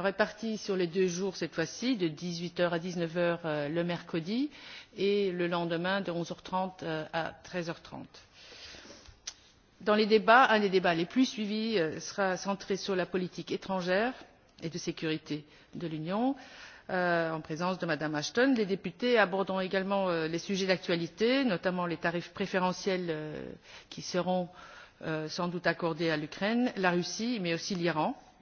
répartis sur les deux jours cette fois ci de dix huit heures à dix neuf heures le mercredi et le lendemain de onze heures trente à. treize heures trente dans les débats un des débats les plus suivis sera centré sur la politique étrangère et de sécurité de l'union en présence de mme ashton. les députés aborderont également les sujets d'actualité notamment les tarifs préférentiels qui seront sans doute accordés à l'ukraine la russie mais aussi l'iran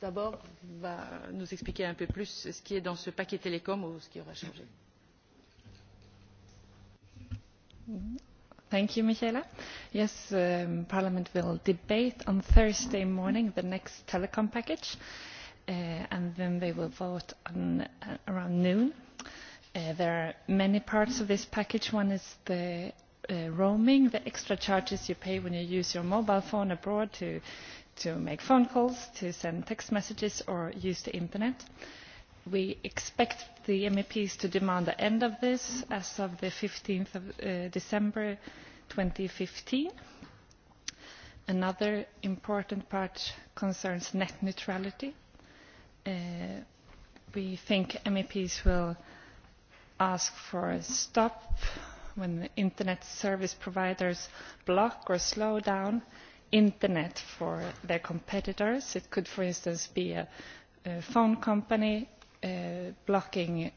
d'abord va nous expliquer un peu plus ce qui est dans ce paquet télécom ou ce qui aura changé. Thank you, Michaela. Yes, Parliament will debate on Thursday morning the next telecom package, and then they will vote on around noon. There are many parts of this package. One is the roaming, the extra charges you pay when you use your mobile phone abroad to to make phone calls, to send text messages or use the internet. We expect the MEPs to demand the end of this as of the 15th of December 2015. Another important part concerns net neutrality. We think MEPs will ask for a stop when internet service providers block or slow down internet for their competitors. It could, for instance, be a phone company blocking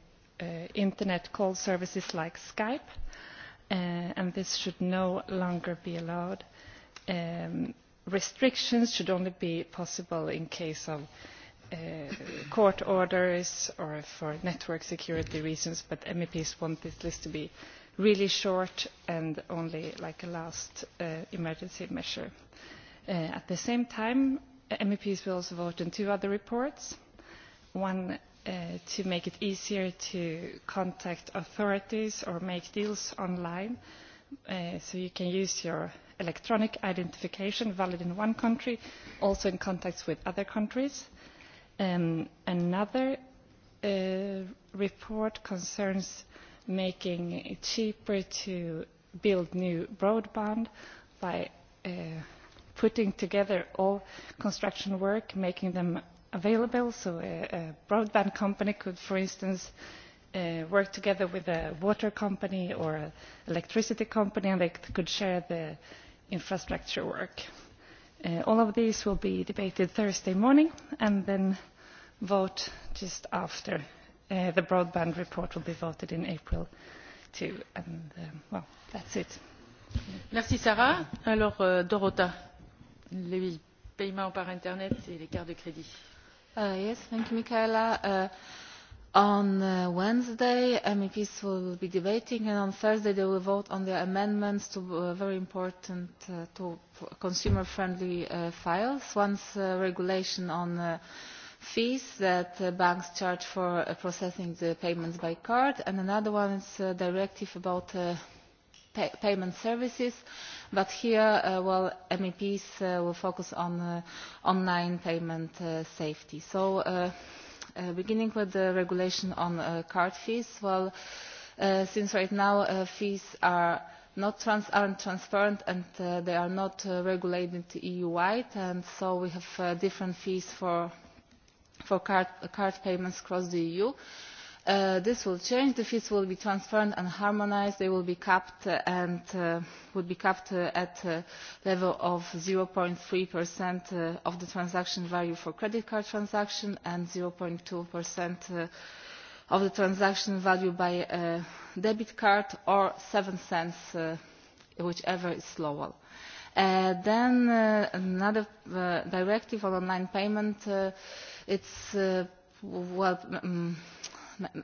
internet call services like Skype, and this should no longer be allowed. Restrictions should only be possible in case of court orders or for network security reasons, but MEPs want this list to be really short and only like a last emergency measure. At the same time, MEPs will also vote on two other reports, one to make it easier to contact authorities or make deals online, so you can use your electronic identification valid in one country, also in contacts with other countries. Another report concerns making it cheaper to build new broadband by putting together all construction work, making them available so a broadband company could, for instance, work together with a water company or an electricity company and they could share the infrastructure work. All of these will be debated Thursday morning and then vote just after the broadband report will be voted in April too. And, well, that's it. Merci Sarah. Alors, Dorota, les paiements par Internet et les cartes de crédit. Yes, thank you, Michaela. On Wednesday, MEPs will be debating, and on Thursday they will vote on the amendments to very important, to consumer-friendly files. One's regulation on fees that banks charge for processing the payments by card and another one is a directive about payment services but here meps will focus on online payment safety. so beginning with the regulation on card fees well since right now fees are not aren't transparent and they are not regulated eu wide and so we have different fees for for card payments across the EU. This will change. The fees will be transparent and harmonised. They will be capped and would be capped at a level of 0.3% of the transaction value for credit card transactions and 0.2% of the transaction value by debit card or 7 cents, whichever is lower. Then another directive on online payment. It's well,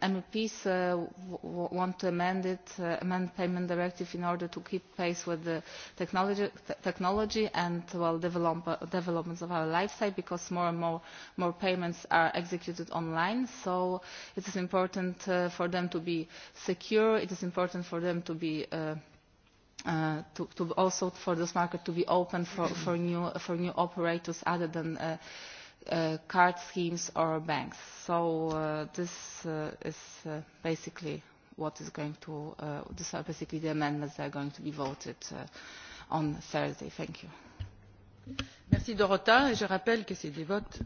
MEPs want to amend it, amend payment directive in order to keep pace with the technology and well developments of our lifestyle, because more and more payments are executed online. So it is important for them to be secure. It is important for them to be to to also for this market to be open for for new for new operators other than uh uh card schemes or banks. So this is basically what is going to, uh these are basically the amendments that are going to be voted on Thursday. Thank you. Merci Dorota. Je rappelle que c'est des votes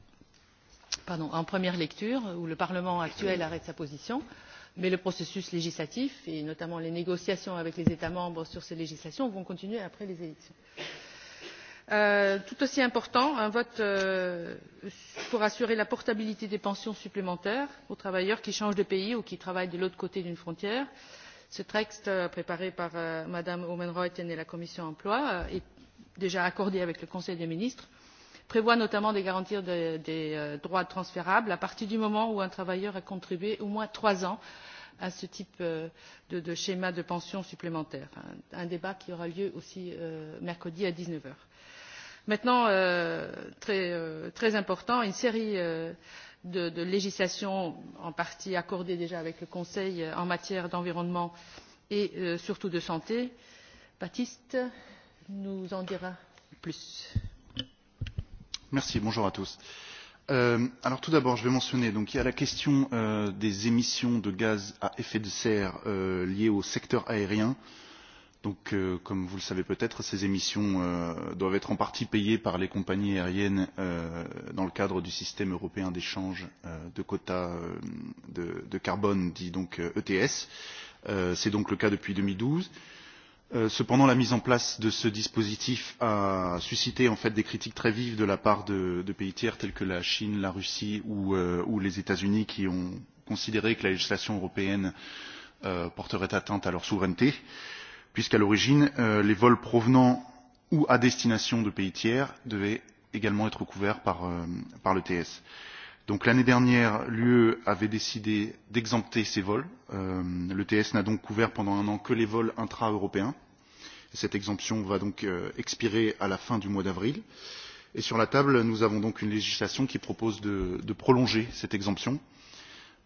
pardon, en première lecture où le Parlement actuel arrête sa position mais le processus législatif et notamment les négociations avec les états membres sur ces législations vont continuer après les élections. tout aussi important un vote pour assurer la portabilité des pensions supplémentaires aux travailleurs qui changent de pays ou qui travaillent de l'autre côté d'une frontière. ce texte préparé par mme oomen et la commission de l'emploi est déjà accordé avec le conseil des ministres prévoit notamment de garantir des droits transférables à partir du moment où un travailleur a contribué au moins trois ans à ce type de schéma de pension supplémentaire. Un débat qui aura lieu aussi mercredi a dix dix-neuf heures. Maintenant, très important, une série de législations en partie accordées déjà avec le Conseil en matière d'environnement et surtout de santé. Baptiste nous en dira plus. Merci, bonjour à tous. Alors tout d'abord, je vais mentionner, donc il y a la question des émissions de gaz à effet de serre liées au secteur aérien. Donc, comme vous le savez peut-être, ces émissions doivent être en partie payées par les compagnies aériennes dans le cadre du système européen d'échange de quotas de carbone, dit donc ETS. C'est donc le cas depuis 2012. Cependant, la mise en place de ce dispositif a suscité en fait des critiques très vives de la part de pays tiers tels que la Chine, la Russie ou les États-Unis, qui ont considéré que la législation européenne porterait atteinte à leur souveraineté, puisqu'à l'origine, les vols provenant ou à destination de pays tiers devaient également être couverts par le l'ETS l'année dernière, l'UE avait décidé d'exempter ces vols. L'ETS n'a donc couvert pendant un an que les vols intra-européens. Cette exemption va donc expirer à la fin du mois d'avril. Et sur la table, nous avons donc une législation qui propose de prolonger cette exemption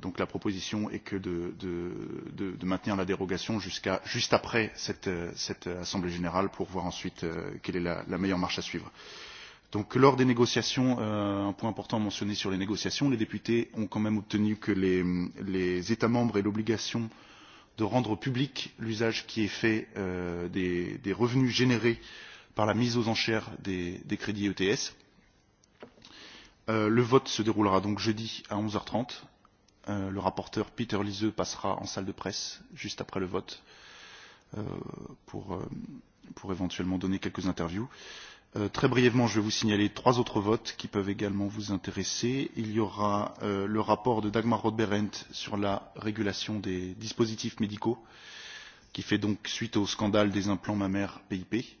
Donc la proposition est que de, de, de, maintenir la dérogation jusqu'à juste après cette, cette Assemblée générale pour voir ensuite quelle est la, meilleure marche à suivre. Donc lors des négociations, un point important mentionné sur les négociations, les députés ont quand même obtenu que les, les États membres aient l'obligation de rendre public l'usage qui est fait des, des revenus générés par la mise aux enchères des, des crédits ETS. Le vote se déroulera donc jeudi à 11h30 Le rapporteur Peter Liseux passera en salle de presse juste après le vote pour éventuellement donner quelques interviews. Très brièvement, je vais vous signaler trois autres votes qui peuvent également vous intéresser. Il y aura le rapport de Dagmar Rodberent sur la régulation des dispositifs médicaux, qui fait donc suite au scandale des implants mammaires PIP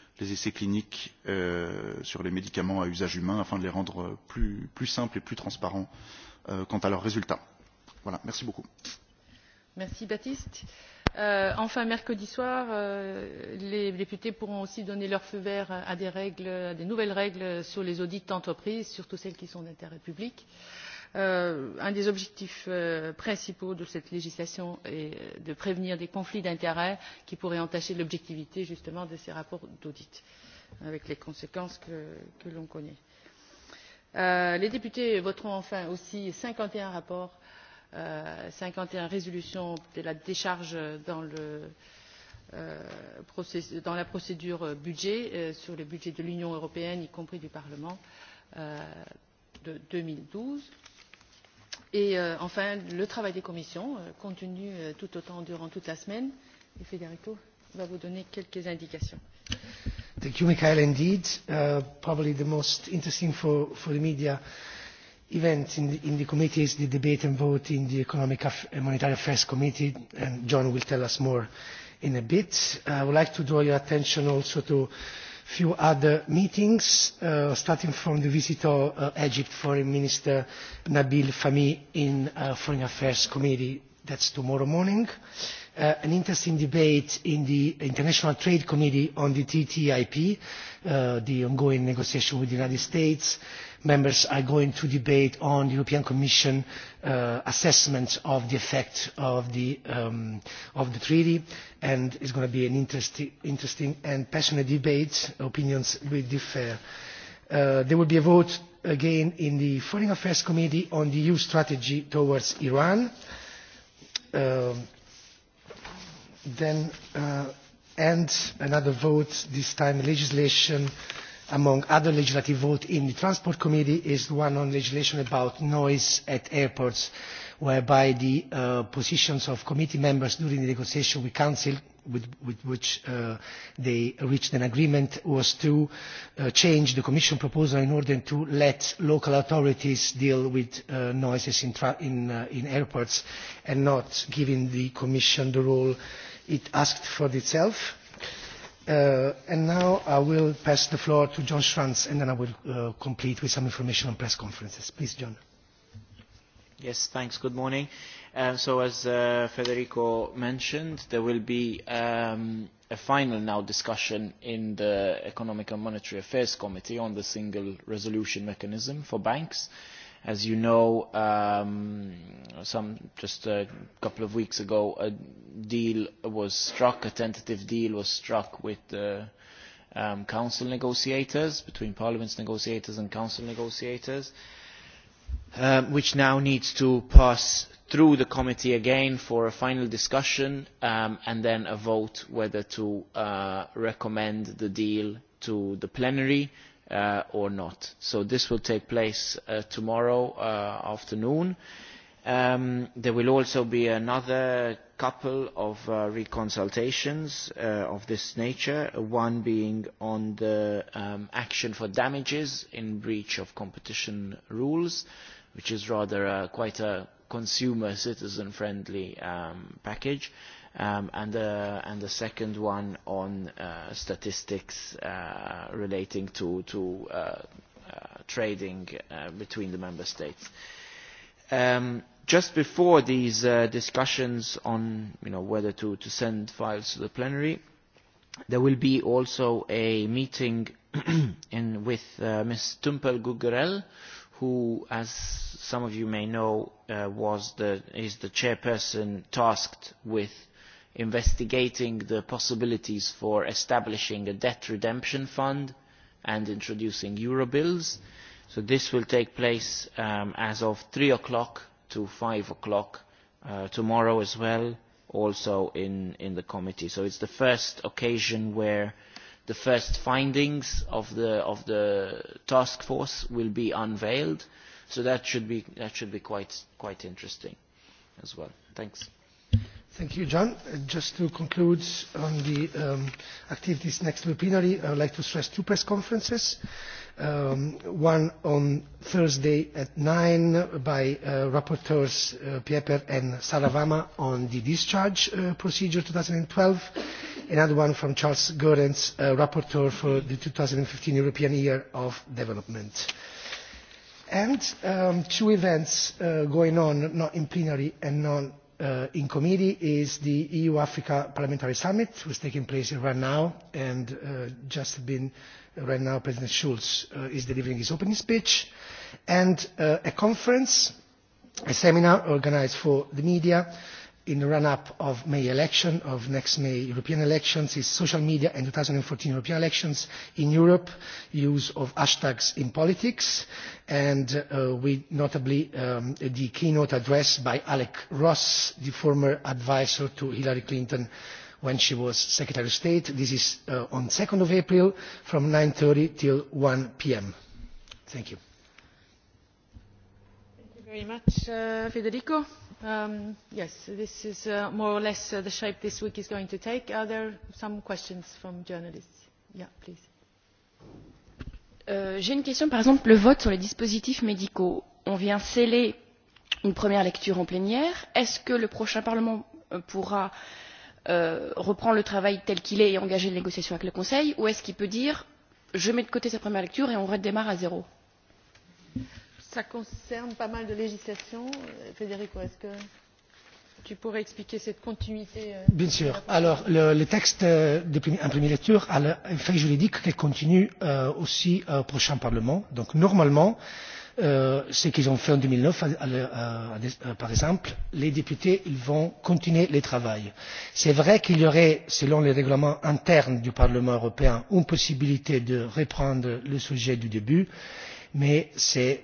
les essais cliniques sur les médicaments à usage humain afin de les rendre plus, plus simples et plus transparents quant à leurs résultats. Voilà, merci beaucoup. Merci Baptiste. Enfin, mercredi soir, les députés pourront aussi donner leur feu vert à des nouvelles règles sur les audits d'entreprise, surtout celles qui sont d'intérêt public un des objectifs principaux de cette législation est de prévenir des conflits d'intérêts qui pourraient entacher l'objectivité justement de ces rapports d'audit avec les conséquences que l'on connaît. les députés voteront enfin aussi cinquante rapports cinquante et résolutions de la décharge dans dans la procédure budget sur le budget de l'union européenne y compris du parlement de deux mille douze Et enfin, le travail des commissions continue tout autant durant toute la semaine. Et Federico va vous donner quelques indications. Thank you, Michael. Indeed, probably the most interesting for, for the media event in the, in the committee is the debate and vote in the Economic and Monetary Affairs Committee, and John will tell us more in a bit. I would like to draw your attention also to few other meetings, starting from the visit of Egypt Foreign Minister Nabil Fahmy in Foreign Affairs Committee that's tomorrow morning, an interesting debate in the International Trade Committee on the TTIP, the ongoing negotiation with the United States. Members are going to debate on the European Commission assessment of the effect of the treaty, and it's going to be an interesting and passionate debate. Opinions will differ. There will be a vote again in the Foreign Affairs Committee on the EU strategy towards Iran Then end another vote, this time legislation among other legislative votes in the Transport Committee is one on legislation about noise at airports, whereby the positions of committee members during the negotiation with Council with which they reached an agreement was to change the Commission proposal in order to let local authorities deal with noises in airports and not giving the Commission the role it asked for itself. And now I will pass the floor to John Schranz and then I will complete with some information on press conferences. Please, John. Yes, thanks. Good morning. So as Federico mentioned, there will be a final now discussion in the Economic and Monetary Affairs Committee on the single resolution mechanism for banks. As you know, some just a couple of weeks ago, a deal was struck, a tentative deal was struck with the council negotiators, between Parliament's negotiators and council negotiators which now needs to pass through the committee again for a final discussion and then a vote whether to recommend the deal to the plenary or not. So this will take place tomorrow afternoon. There will also be another couple of reconsultations of this nature, one being on the action for damages in breach of competition rules which is rather quite a consumer citizen friendly package um and and the second one on statistics relating to to trading between the member states Um just before these discussions on you know whether to to send files to the plenary there will be also a meeting in with ms tumpel gugurel who, as some of you may know, was the is the chairperson tasked with investigating the possibilities for establishing a debt redemption fund and introducing Eurobills. So this will take place as of 3 o'clock to 5 o'clock tomorrow as well, also in in the committee. So it's the first occasion where The first findings of the task force will be unveiled, so that should be quite interesting as well. Thanks. Thank you, John. Just to conclude on the activities next to the plenary, I would like to stress two press conferences. One on Thursday at 9 by rapporteurs Pieper and Saravama on the discharge procedure 2012 another one from Charles Goerens, rapporteur for the 2015 European Year of Development. And two events going on, not in plenary and not in committee, is the EU-Africa Parliamentary Summit, which is taking place right now, and just been right now President Schulz is delivering his opening speech, and a conference, a seminar organised for the media in the run-up of May election, of next May European elections, is social media and 2014 European elections in Europe, use of hashtags in politics, and we notably the keynote address by Alec Ross, the former advisor to Hillary Clinton when she was Secretary of State. This is on 2nd of April from 9.30 till 1 p.m. Thank you. Federico. Yes, this is more or less the shape this week is going to take. some questions from journalists? Yeah, please. J'ai une question, par exemple, le vote sur les dispositifs médicaux. On vient sceller une première lecture en plénière. Est-ce que le prochain Parlement pourra reprendre le travail tel qu'il est et engager les négociations avec le Conseil ou est-ce qu'il peut dire je mets de côté sa première lecture et on redémarre à zéro? Ça concerne pas mal de législations. Federico, est-ce que tu pourrais expliquer cette continuité Bien sûr. Alors, le texte en première lecture a l'effet juridique qui continue aussi au prochain Parlement. Donc, normalement, ce qu'ils ont fait en 2009, par exemple, les députés ils vont continuer le travail. C'est vrai qu'il y aurait, selon les règlements internes du Parlement européen, une possibilité de reprendre le sujet du début, mais c'est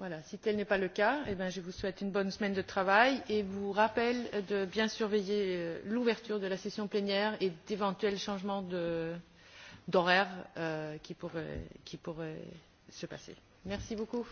Voilà, si tel n'est pas le cas, je vous souhaite une bonne semaine de travail et vous rappelle de bien surveiller l'ouverture de la session plénière et d'éventuels changements d'horaire qui pourraient se passer. Merci beaucoup.